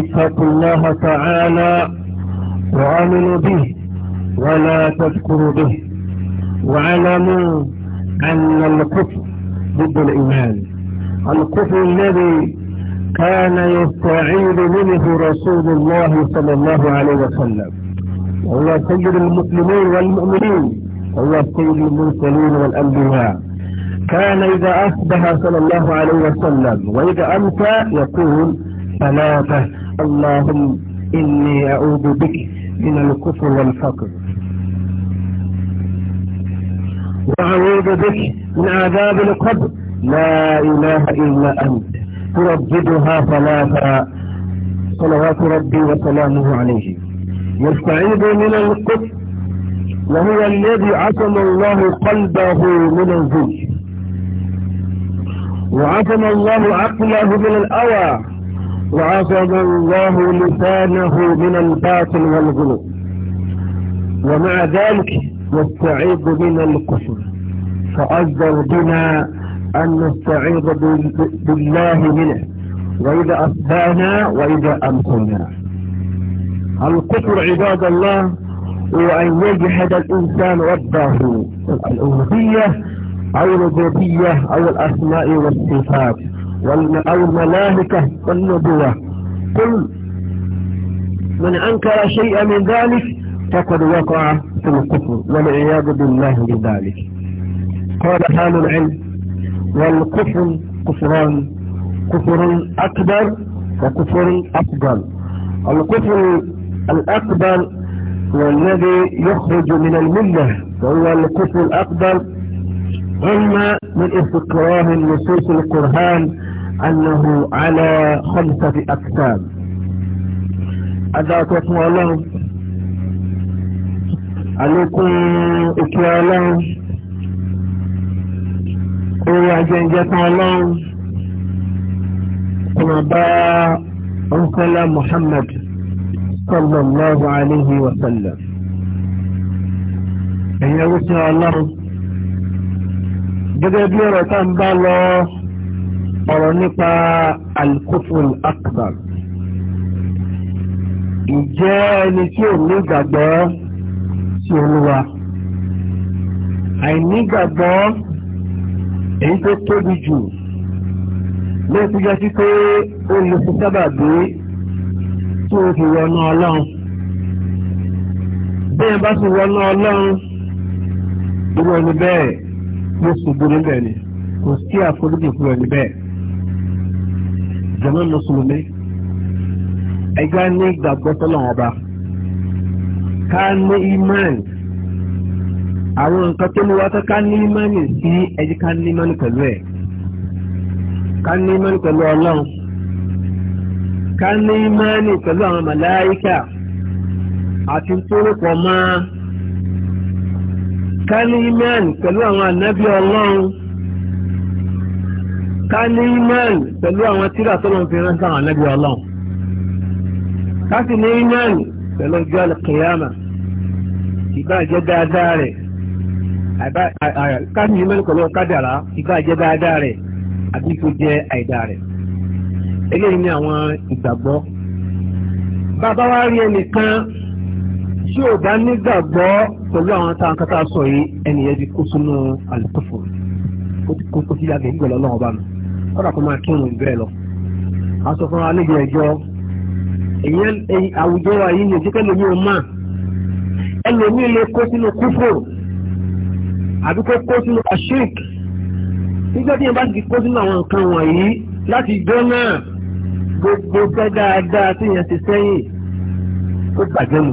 اتقوا الله تعالى وآمنوا به ولا تذكروا به واعلموا أن الكفر ضد الإيمان الكفر الذي كان يستعيد منه رسول الله صلى الله عليه وسلم وهو سيد المسلمين والمؤمنين وهو سيد المرسلين والأنبياء كان إذا أصبح صلى الله عليه وسلم وإذا أمسى يقول ثلاثة اللهم إني أعوذ بك من الكفر والفقر وأعوذ بك من عذاب القبر لا إله إلا أنت ترددها ثلاثا صلوات ربي وسلامه عليه يستعيد من القبر وهو الذي عصم الله قلبه من الزوج وعصم الله عقله من الأوى وعصم الله لسانه من الباطل والغلو ومع ذلك نستعيد من الكفر فأجدر بنا أن نستعيد بالله منه وإذا أصبعنا وإذا أمسنا الكفر عباد الله هو أن يجحد الإنسان ربه الألوهية أو الربوبية أو الأسماء والصفات والملائكة والنبوة قل من أنكر شيئا من ذلك فقد وقع في الكفر والعياذ بالله لذلك قال أهل العلم والكفر كفران كفر أكبر وكفر أفضل الكفر الأكبر هو الذي يخرج من الملة وهو الكفر الأكبر إما من استقرار نصوص القرآن انه على خمسة اقسام اذا تطوى له الوكم اكيا له اويا جنجتا له ونبا انقل محمد صلى الله عليه وسلم ان يوسع الله جدا بيرا تنبالو ọ̀rọ̀ nípa al-kufrul akbar ìjẹ́ ẹni tí ò ní ìgbàgbọ́ sí olúwa àìní ìgbàgbọ́ èyí tó tóbi jù lóyún tó jẹ́ sí pé ó lè fi sábà dé tí o fi wọnú ọlọ́run bí ẹ bá ti wọnú ọlọ́run irú ẹni bẹ́ẹ̀ ló ṣubú níbẹ̀ ni kò sí àforíjì fún ẹni bẹ́ẹ̀. jọ̀mọ́ musulmi ẹgbẹ́ ní ọba ká ní ìmánì àwọn nǹkan tó ní wá tó ká ní ìmánì sí ẹjí ká ní ìmánì pẹ̀lú ẹ̀ ká ní ìmánì pẹ̀lú ọlọ́run ká ní ìmánì pẹ̀lú àwọn màláíkà àti tórópọ̀ máa ká ní imẹ́ẹ̀lì pẹ̀lú àwọn tíra tọ́lọ́ fi rán sáwọn ànábì ọlọ́run ká sì ní imẹ́ẹ̀lì pẹ̀lú ọjọ́ àlùkìyàmà ìbáàjẹ́ dáadáa rẹ̀ ká ní pẹ̀lú ìbáàjẹ́ dáadáa rẹ̀ àbí jẹ́ rẹ̀ eléyìí ní àwọn ìgbàgbọ́ bàbá wa rí ẹnìkan tí ò bá nígbàgbọ́ pẹ̀lú àwọn sọ yìí ẹnìyẹn ti kó sínú kó ti mi. kọ́dà kó máa kírun bẹ́ẹ̀ lọ. a sọ fún wa níbi ẹ̀jọ́ àwùjọ wa yìí yóò jíkẹ́ lómi ọmọ ẹlòmí lè kó sínú kúfò àbí kó kó sínú ashik nígbà tí yẹn bá ti kó sínú àwọn nǹkan wọ̀nyí láti gbọ́ náà gbogbo fẹ́ dáadáa tí yẹn ti sẹ́yìn ó bàjẹ́ nù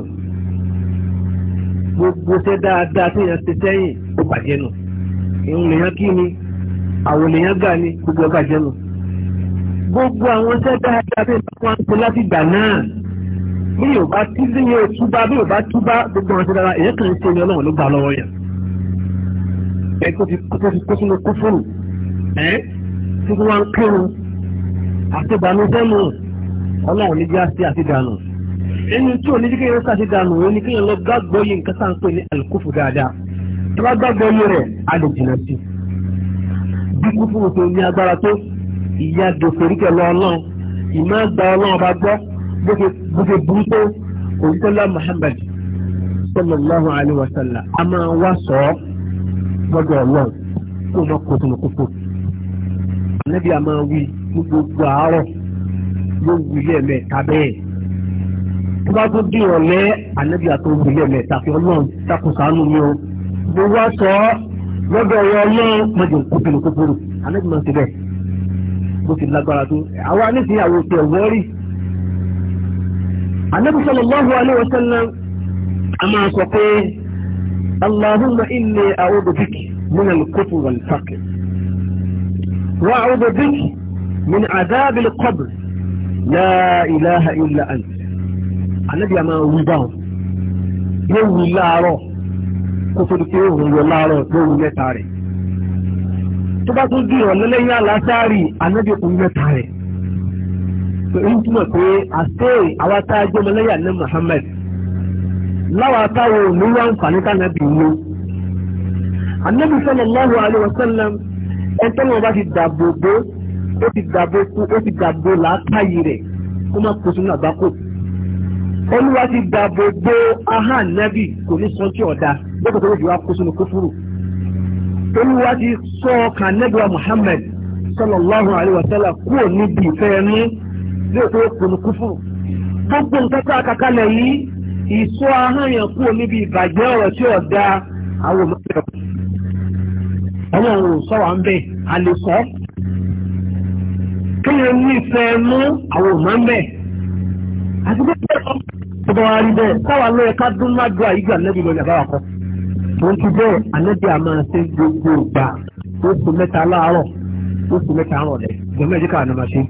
gbogbo fẹ́ dáadáa tí yẹn ti sẹ́yìn ó bàjẹ́ nù ìhun lèyàn kí ni àwọn èèyàn gbà ní gbogbo ọba jẹ́nu gbogbo àwọn iṣẹ́ dáadáa bí ìbá wọn ṣe láti gbà náà bí yóò bá tí bí yóò túbá bí yóò bá túbá gbogbo àwọn ṣe dáadáa èèyàn kàn ń ṣe ni ọlọ́run ló gbà lọ́wọ́ yẹn ẹ kó fi kó fi kó sínú kófòrò ẹ tí wọn ń kírun àtìbánúfẹ́nu ọlọ́run ní bí a ṣe àtìdánù ẹni tí ò ní kékeré ṣàtìdánù ó ní kékeré lọ gbàgbọ́ yìí nǹkan sáà ń pè ní àlùkùfù dáadáa tí wọ́n gbàgbọ́ yìí rẹ̀ á lè bí kúfúrú tó ní agbára tó ìyá dòkòríkẹ̀ lọ ọlọ́run ìmọ̀ gba ọlọ́run bá gbọ́ bó ṣe burú tó òyìnbólá Muhammad sallallahu alayhi wa sallam a máa wá sọ ọ́ gbọ́dọ̀ ọlọ́run kó o mọ kó sínú kúfúrú. ànábì a máa wí ní gbogbo àárọ̀ yóò wí lẹ́ẹ̀mẹ́ta bẹ́ẹ̀ tó bá tó dín ọ̀lẹ́ ànábì àtọ́wò wí lẹ́ẹ̀mẹ́ta fi ọlọ́run takùsánú mi o mo wá sọ ọ́ lọ́dọ̀ ọ̀rọ̀ ọlọ́run mọ̀jọ̀ kókèlè kókòrò ànábì máa ń ṣe bẹ́ẹ̀ bó ti lágbára tó àwa nísìnyí àwọn òṣè ẹ̀wọ́ rí ànábì sallallahu alaihi wasallam a máa sọ pé allahumma inni a'udhu bik min al-kufr wal faqr wa a'udhu bik min adhab al-qabr la ilaha illa máa wí báwọn yóò wí láàárọ̀ kó tó di pé òun yọ láàárọ̀ lóru mẹ́ta rẹ̀ tó bá tún di ọ̀lẹ́lẹ́yìn aláṣáárì anábì òun mẹ́ta rẹ̀ èyí túmọ̀ pé àṣẹ àwa tá a jẹ́ ọmọlẹ́yà ní Muhammad láwa táwọn òmìnira àǹfààní tánàbì ń lò anábì sallallahu alaihi wasallam ẹ̀ńtọ́nà bá ti dàbò bó ó ti dàbò kú ó ti dàbò làákàyè rẹ̀ kó má kó sínú àgbákò olúwa ti dàbò bó ahán kò ní sọ́jú lọ́kọ̀tọ̀ ló fi wá kó sínú sọ ọkàn nẹ́gbẹ̀ẹ́ Muhammad alayhi wa kúrò níbi ìfẹ́ ẹnu lóòótọ́ kùnú gbogbo nǹkan tá yìí ìsọ níbi ìbàjẹ́ ọ̀rọ̀ tí da sọ ní àwọn ọmọ tó ń ti bẹ́ẹ̀ anábì àmà ṣe gbogbo ìgbà oṣù mẹ́ta láàárọ̀ oṣù mẹ́ta àárọ̀ rẹ̀ gbọ́mọ̀ ẹ̀díkà àná máa ṣe.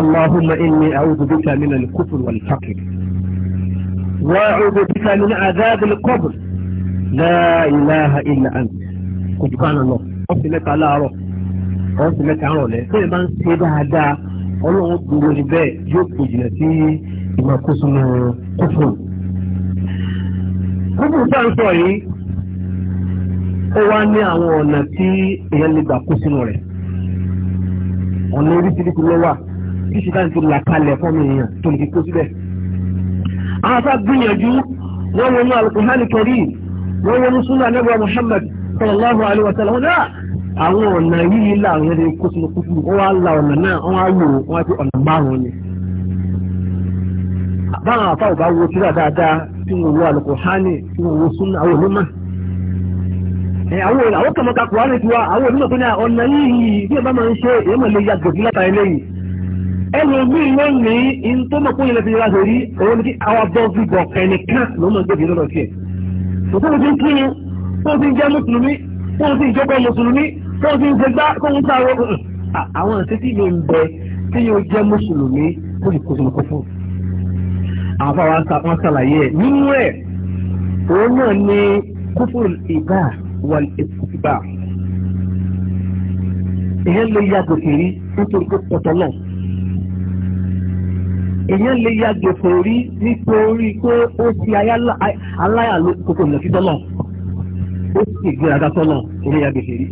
Allahumma inni a'udhu bika min al-kufr wal faqr wa a'udhu bika min adhab al-qabr la ilaha illa anta kò jù lọ oṣù mẹ́ta láàárọ̀ oṣù mẹ́ta àárọ̀ rẹ̀ tó yẹ ń ṣe dáadáa ọlọ́run dúró ní bẹ́ẹ̀ yóò kò jìnà sí ìmọ̀kóso kófò. kófò sáà ń sọ yìí ó wá ní àwọn ọ̀nà tí èèyàn lè gbà kó sínú rẹ̀ ọ̀nà oríṣiríṣi ló wà tí ṣìkà ti là kalẹ̀ fọ́ọ̀mù èèyàn tó lè fi kó síbẹ̀. àwọn afá gbìyànjú wọ́n wọnú alukuhani kẹrí wọ́n wọnú súnà anábọ̀ Muhammad sallallahu alayhi wa sallam náà ah, àwọn ọ̀nà yìí làwọn ẹni kó sínú kúkú wọ́n wá la ọ̀nà náà wọ́n á wò wọ́n á ti ọ̀nà márùn ni. báwọn afá ò bá wo síra dáadáa tí wọ́n wo alukuhani tí wọ́n wo súnà àwọn onímọ̀ àwọn àwọn kàmọ́ ka kùránì tiwa àwọn onímọ̀ tó ní ọ̀nà yìí bí ẹ bá máa ń ṣe èyí mọ̀ lè ya gòkè látà eléyìí ẹnu mi lónìí n tó mọ̀ kó yẹn lè fi yára sórí òun ni kí àwọn bọ́ fi bọ̀ ẹnìkan ló mọ̀ gbèbí lọ́dọ̀ tiẹ̀ òkú mi ti ń kírun tó ti ń jẹ́ mùsùlùmí tó ti ń jókòó mùsùlùmí tó ti ń ṣe gbá ń sáré àwọn àtẹ́tí mi ń bẹ tí yóò jẹ́ wal ìtìbà èyàn lè ya gòkèrí nítorí pé pọ̀tọ́ náà èyàn lè ya gòkèrí nítorí pé ó ti aláyà kòkò ìlọsítọ́ náà ó sì gbéraga sọ́nà èyàn ya gòkèrí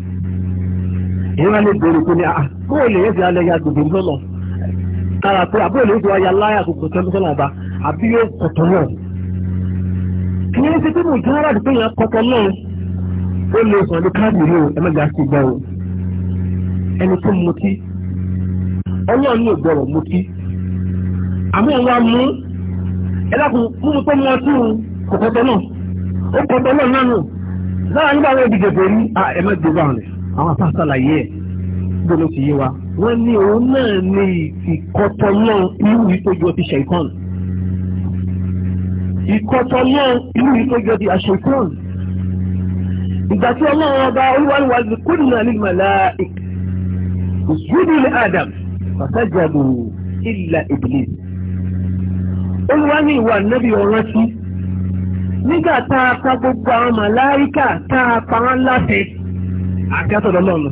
èyàn wá lè béèrè pé ní àá ah, bóò lè yẹ fi alẹ́ ya gòkèrí sọ́nà kára pé àbóò ah, lè yẹ fi wáyà aláyà kòkò ìlọsítọ́ náà àbí yóò pọ̀tọ́ kí ni ó ti pé mo jẹ́ ara àdúgbò yẹn pọ̀tọ́ ó lè sàn ní káàdì rí o ẹ mẹ́ga sí gbọ́ o ẹni tó mutí ọlọ́run ní ògbọ́rọ̀ mutí àmọ́ ẹ̀ wá mú ẹ dákun múmu tó mú ọtí o kò kọ́tọ́ náà ó kọ́tọ́ náà náà nù lára nígbà wo ìdíje bò ní ẹ má gbé báwọn rẹ̀ àwọn apáṣá làyé ẹ̀ gbọ́dọ̀ sì yé wa wọ́n ní òun náà ní ìkọ́tọ́ náà irú ìtọ́jú ọtí ṣẹ̀kọ́n ìkọ́tọ́ náà irú ìtọ́jú ọtí àṣẹkọ́n ìgbà tí ọlọ́run ọba olúwaríwá ní kúnnà ní màláìk ìṣúdù ní adam pàṣẹjàbù ìlà ìbílẹ̀ olúwa ní ìwà nẹ́bí ọ̀rọ̀ sí nígbà tá a pa gbogbo àwọn màláìkà tá a pa wọn láti àgbàtọ̀dọ̀ lọ́nu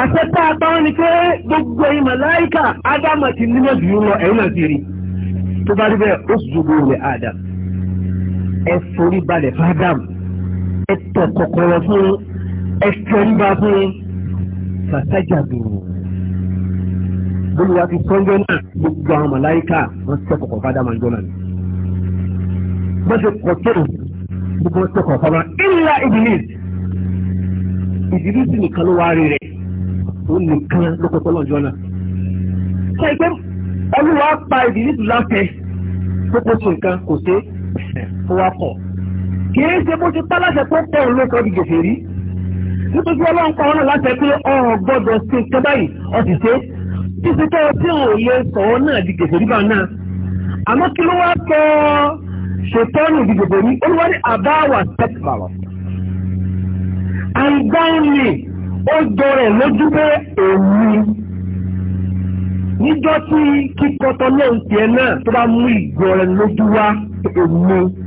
àṣẹ tá a pa wọn ni pé gbogbo ẹ̀yin màláìkà ádámà ti nímọ̀ jù lọ ẹ̀yìn náà ti rí tó bá rí bẹ́ẹ̀ ó sì jù lóore adam ẹ forí balẹ̀ fún ádámù ẹ̀tọ́ kọ̀kọ̀rọ̀ fún ẹ̀tọ́ nígbà fún fàtàjà dùn. Bólúwa ti sọ́njọ́ náà gbogbo àwọn màláìka wọ́n tẹ́ kọ̀kọ̀ fádà máa ń jọ́ náà ni. Wọ́n ti kọ̀ tó gbogbo wọn tẹ́ kọ̀kọ̀ fádà ìlà ìdílís. Ìdílís nìkan ló wá rí rẹ̀ òun nìkan ló kọ́kọ́ lọ́jọ́ náà. Sọ ìpẹ́ Olúwa pa ìdílís láfẹ̀ẹ́ kókó sí nǹkan kò sí ó wá kọ̀ kìí ṣe bó ṣe tálàṣẹ tó pọ̀ ló sọ di gbèsè rí nítorí ọlọ́run pa ọ̀nà láṣẹ pé ọ̀hún gbọ́dọ̀ ṣe ṣe báyìí ọ̀sì ṣe tí ṣe tó tí òun lè sọ̀rọ̀ náà di gbèsè rí bá náà àmọ́ kí ló wá sọ ṣètọ́nù di gbèsè rí olúwa ní àbáwà tẹ́tìbàlọ̀ àìgbáyìnlè ó jọ rẹ̀ lójú pé èmi níjọ́ tí kíkọ́tọ̀ náà ń tiẹ̀ náà tó bá mú ìgbọ̀ rẹ̀ lójú wá èmi.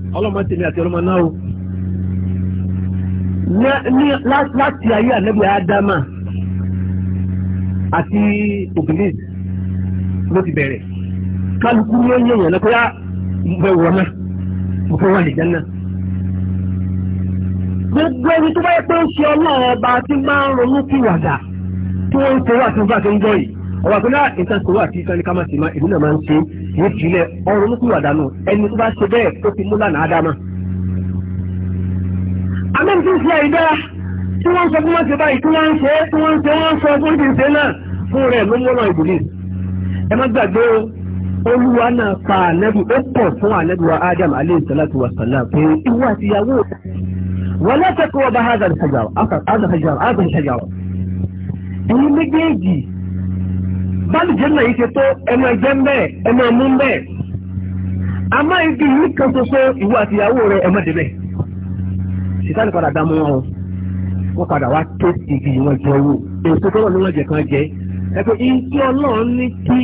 ọlọ́mọ tèmi àti ọlọ́mọ náà o láti ayé ànábì ádámà àti obìnrin ló ti bẹ̀rẹ̀ kálukú ní ẹ̀yìn èèyàn lọ́kọ́ yá bẹ̀ wọ̀ náà mo fẹ́ wà ní jẹ́ náà. gbogbo ẹni tó bá yẹ pé ń ṣe ọlọ́run ọba tí máa ń ronú kí wàdà tí wọ́n ń ṣe wà tí bá ti ń gbọ́ yìí ọwọ́ àgbẹ̀lá nǹkan tó wà tí sani ká máa ti máa ìlú náà máa ń ṣe ní ìjìnlẹ̀ ọrùn ló sì wà dànù ẹni tó bá ṣe bẹ́ẹ̀ tó ti mú lánàá dáná. amẹ́ni tí ń ṣe àìdá tí wọ́n ń sọ fún wọn ṣe báyìí tí wọ́n ń ṣe tí wọ́n ń ṣe wọ́n ń sọ fún ti ń ṣe náà fún rẹ̀ ló mọ́nà ìbùdí. ẹ má gbàgbé olúwa náà pa ànẹ́bù ó pọ̀ fún ànẹ́bù Adam alayhi bálùjẹ́ náà yìí ṣe tó ẹnu ẹ̀jẹ̀ ń bẹ́ẹ̀ ẹnu ọmú ń bẹ́ẹ̀ àmọ́ igi yìí kan ṣoṣo ìwọ àti ìyàwó rẹ ẹ má débẹ̀ sìtáni padà dá mú wọn wọn padà wá tó igi wọn jẹ owó èso tó wọn ní wọn jẹ kan jẹ ẹ pé iṣẹ Ọlọ́run ní kí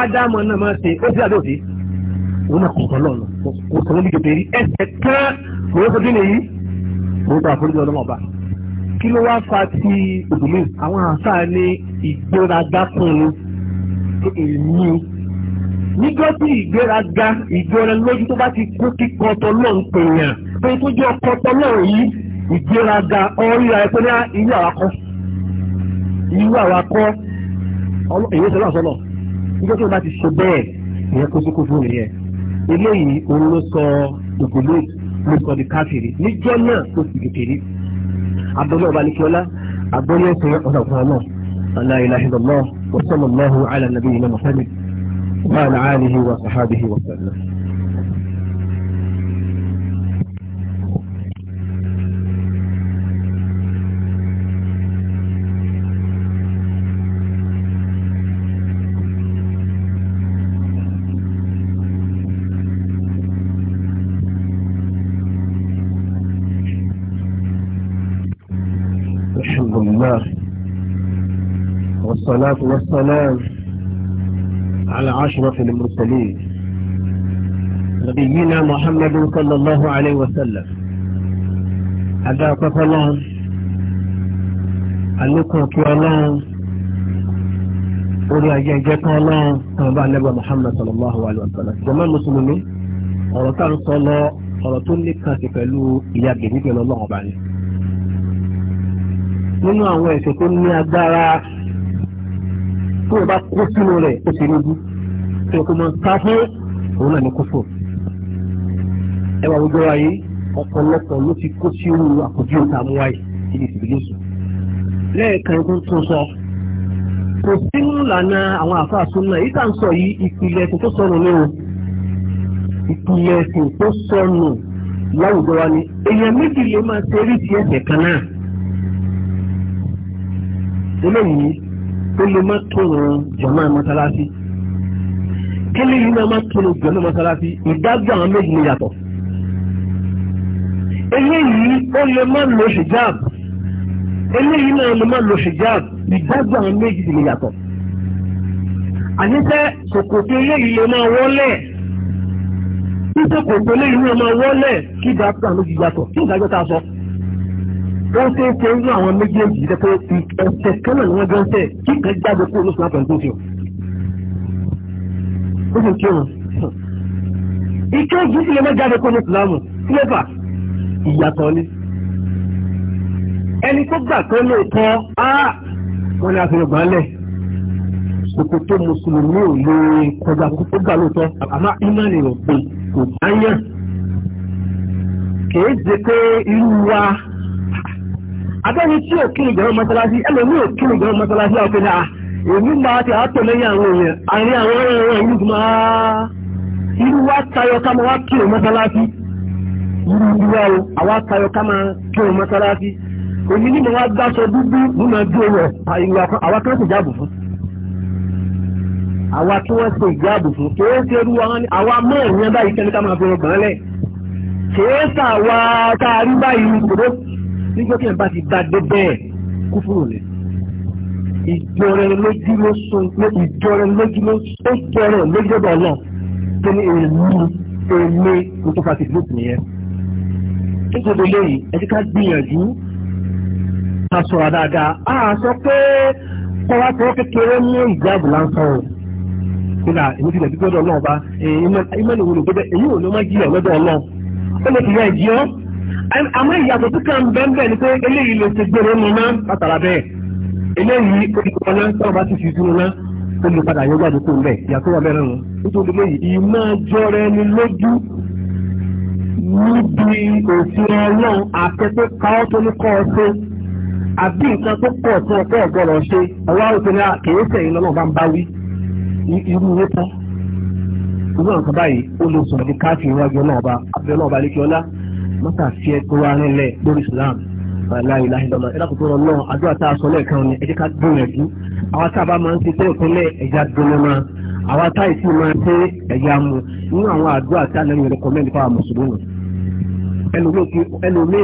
ádámọ náà máa ṣe ó sì àdó sí wọn náà kọkọ lọ kò sọ wọn bí kékeré ẹsẹ kán kò ó sọ kí nìyí kò ó sọ àforíjì ọlọmọba kí ló wá fa ti ìdílé àwọn àṣà ní ìgbéraga fún mi èmi nígbà tí ìgbéraga ìgbéra lójú tó bá ti kó kíkọ tọlọ́ ń pèèyàn pé tó jẹ́ ọkọ tọlọ́ yìí ìgbéraga ọrí ara pé ní irú àwakọ irú àwakọ èyí sọlá sọlọ nígbà tí wọn bá ti ṣe bẹ́ẹ̀ ìyẹn kó sókó fún nìyẹn eléyìí òun ló sọ ògòló ló sọ di káfíìrì níjọ náà ó sì kékeré. عبدو الله بالك ولا عبدو الله سيقضى الله لا إله إلا الله وصلى الله على النبي محمد وعلى آله وصحابه وسلم الحمد لله والصلاة والسلام على عشرة المرسلين نبينا محمد صلى الله عليه وسلم هذا قفلان أنكم كيالان orí ayé ẹjẹ kan náà kan bá lẹ́gbà Muhammad sallallahu alayhi wa sallam jàmáà mùsùlùmí ọ̀rọ̀ tá à ń sọ lọ ọ̀rọ̀ tó ní kan sí pẹ̀lú ìyá gbèdéke lọ́wọ́ ọba ni nínú àwọn ẹ̀ṣẹ̀ tó ní agbára tó o bá kó sínú rẹ̀ ó ti rí bú tó o kò mọ ká fún òun náà ní kó fò. ẹ wà gbogbo ayé ọ̀pọ̀lọpọ̀ ló ti kó sí irú àpòjú ìta mú wáyé níbi ìsìnkú yéṣu. lẹ́ẹ̀kan tó ń tún sọ kò sínú ìlànà àwọn àfa àsúná yìí tá à ń sọ yìí ìpìlẹ̀ ẹ̀sìn tó sọnù ní o ìpìlẹ̀ ẹ̀sìn tó sọnù láwùjọ wa ni èèyàn méjì lè máa ṣe eré ti ẹ̀sẹ̀ kan náà eléyìí ó lè má tóun jọ̀mọ́ mọ́sálásí kílí yìí náà má tóun jọ̀mọ́ mọ́sálásí ìdájọ́ àwọn méjì ni yàtọ̀ eléyìí ó lè má lo hijab eléyìí náà lè má lo hijab ìdájọ́ àwọn méjì ni yàtọ̀ àníṣe kòkòtò eléyìí lè máa wọlé títí kòkòtò eléyìí lè máa wọlé kí ìdájọ́ àwọn méjì yàtọ̀ kí ìdájọ́ ta sọ. So ó ṣe é ṣe irú àwọn méjèèjì yìí pé ẹsẹ̀ kan náà ni wọ́n gbọ́ sẹ́ẹ̀ kí kan jáde kúrò lóṣù láti ọ̀dọ́ fi hàn. ó sì kí wọn. ìké yìí sì lè má jáde kúrò lóṣù láàmù sílẹ̀fà ìyàtọ̀ ni. ẹni tó gbà pé lóòótọ́ á wọn ni àfihàn gbà lẹ̀ ṣòkòtò mùsùlùmí ò lè kọjá tó gbà lóòótọ́ àmọ́ ìmọ̀lẹ̀ rẹ̀ pé kò dáyà kì í ṣe pé irú wa. agaghị tí òkìrì masalasi mọ́sálásí ẹlòmí òkìrì jẹun mọ́sálásí ọ̀pẹ́ náà èmi máa anyị wa tayọ wa o tayọ ká máa kírò mọ́sálásí èmi ní mo wá gbáṣọ dúdú mo máa iru rẹ̀ ìwà kiri àwa ah? eh, ah, ah. eh, kan sì awa fún àwa tí wọ́n ṣe ni àwa mọ́ ìyẹn báyìí kẹ́ni ká máa fi ọgbọ̀n lẹ̀ kìí ṣàwa nígbà tí ẹ̀ bá ti bá dé bẹ́ẹ̀ kú fúrò lẹ̀. ìjọra ẹni lójú ló sún ìjọra ẹni lójú ló ó jọra ẹni lójú lọ́dọ̀ náà tó ní èmi èmi kò tó fa tìbúùtù nìyẹn. nítorí lóyìí ẹ ti ká gbìyànjú ká sọ̀rọ̀ dáadáa á sọ pé kọ́wá tó kékeré mú ìjáàbù lásán o kódà èmi ti dẹ̀bí gbọ́dọ̀ náà bá ìmọ̀lẹ̀ wo ló gbé bẹ́ẹ̀ èyí ò ní ọmọ jí ọ̀ lọ́dọ̀ ọlọ́run ó lè fi yá ìjí ọ́ àmọ́ ìyàtọ̀ tó kàn bẹ́ẹ̀ bẹ́ẹ̀ ni pé eléyìí lè ṣe gbèrò nù náà látara bẹ́ẹ̀ eléyìí olùkọ́ náà táwọn bá ti fi dúró náà olùpadà yóò gbàdúrà kó mbẹ ìyàtọ̀ wà mẹ́rin nù nítorí eléyìí ìmọ̀ jọrọ ẹni lójú níbi òfin ọlọ́run àtẹ́tẹ́ káwọ́ tó ní kọ́ ọ ṣe àbí nǹkan tó pọ̀ tó ọ̀pọ̀ ọ̀gbọ̀rọ̀ ṣe ọwọ́ àwòtẹ́ ní àkèéfẹ́ yìí lọ́nà bá ń bá wí irú owó tán irú àwọn kan báyìí ó lè sọ̀rọ̀ ní káàkiri iwájú ọlọ́ọ̀ba abẹ́ ọlọ́ọ̀ba lékè ọlá mọ́tà fi ẹ tó wá nílẹ̀ lórí Islam aláìláìlọ́lọ́ ẹ̀dá kòtò rọ̀ náà àdúrà tá a sọ lẹ́ẹ̀kan ni ẹ jẹ́ ká gbìyànjú àwọn tá a bá máa ń ṣe tẹ́lẹ̀ tẹ́lẹ̀ ẹ̀já dúró máa àwọn tá ìsìn máa ń ṣe ẹ̀já mu nínú àwọn àdúrà tá a lẹ́yìn rẹ̀ kọ́mẹ́ntì fáwọn mùsùlùmí ẹlòmíì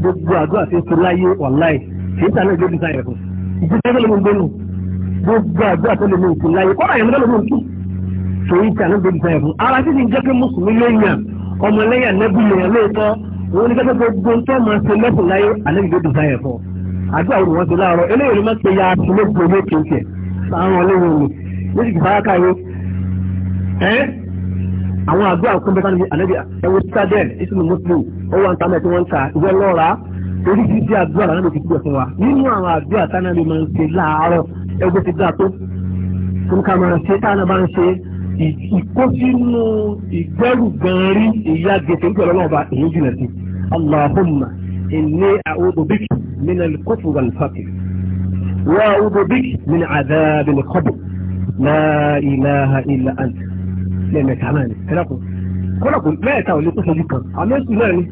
gbogbo àdúrà tó ṣe láyé wàláì kìí sàánà ìjọba ìsàn ẹ̀kọ́ ìjọba ìlú gbẹ́nu gbogbo àdúrà tó lè mú ìsìn láyé kọ́ra ìjọba ìsàn ẹ̀kọ́ ọmọlẹ́yìn ànábì lèèyàn lóòótọ́ òun ní kẹ́kẹ́ gbogbo ń mọ̀ ṣe lẹ́sìn láyé fọ́ àdúrà òun ti láàárọ̀ eléyìí máa ń pe ya àtúnlógún olókè tiẹ̀ sáwọn ọlẹ́yìn òní lójú kì sáyà káyé ẹ́ àwọn àdúrà kan bẹ́ẹ̀ sáni ànábì ẹwọ sádẹ́ẹ̀lì ìsìnkú muslim ó wà ń ta tí wọ́n ń ta ìwé lọ́ra oríṣiríṣi àdúrà lánàá ti gbẹ̀ fún wa nínú àwọn àdúrà máa ń ṣe ìkósínú ìgbẹ́rù gan rí ìyá gèsè nítorí ọlọ́run bá èyí jìnà sí allahumma inni a'udhu bika min al-kufr wal faqr wa a'udhu bika min adhab al-qabr la ilaha illa náà ni ẹ̀rọ̀kùn kọ́lọ̀kùn mẹ́ẹ̀ta ò lè tó fojú kan àmẹ́sùn náà ni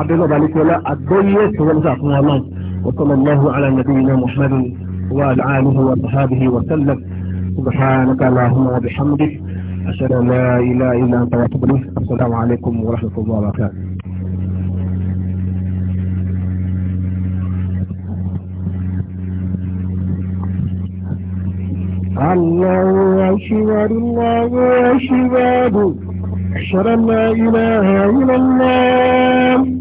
عبدالله بارك ولا أدوية ونزع الله وصلى الله على نبينا محمد وعلى آله سبحانك اللهم وبحمدك أشهد أن لا إله إلا أنت وأتوب السلام عليكم ورحمة الله وبركاته الله أشهد الله أشهد أشهد أن لا إله إلا الله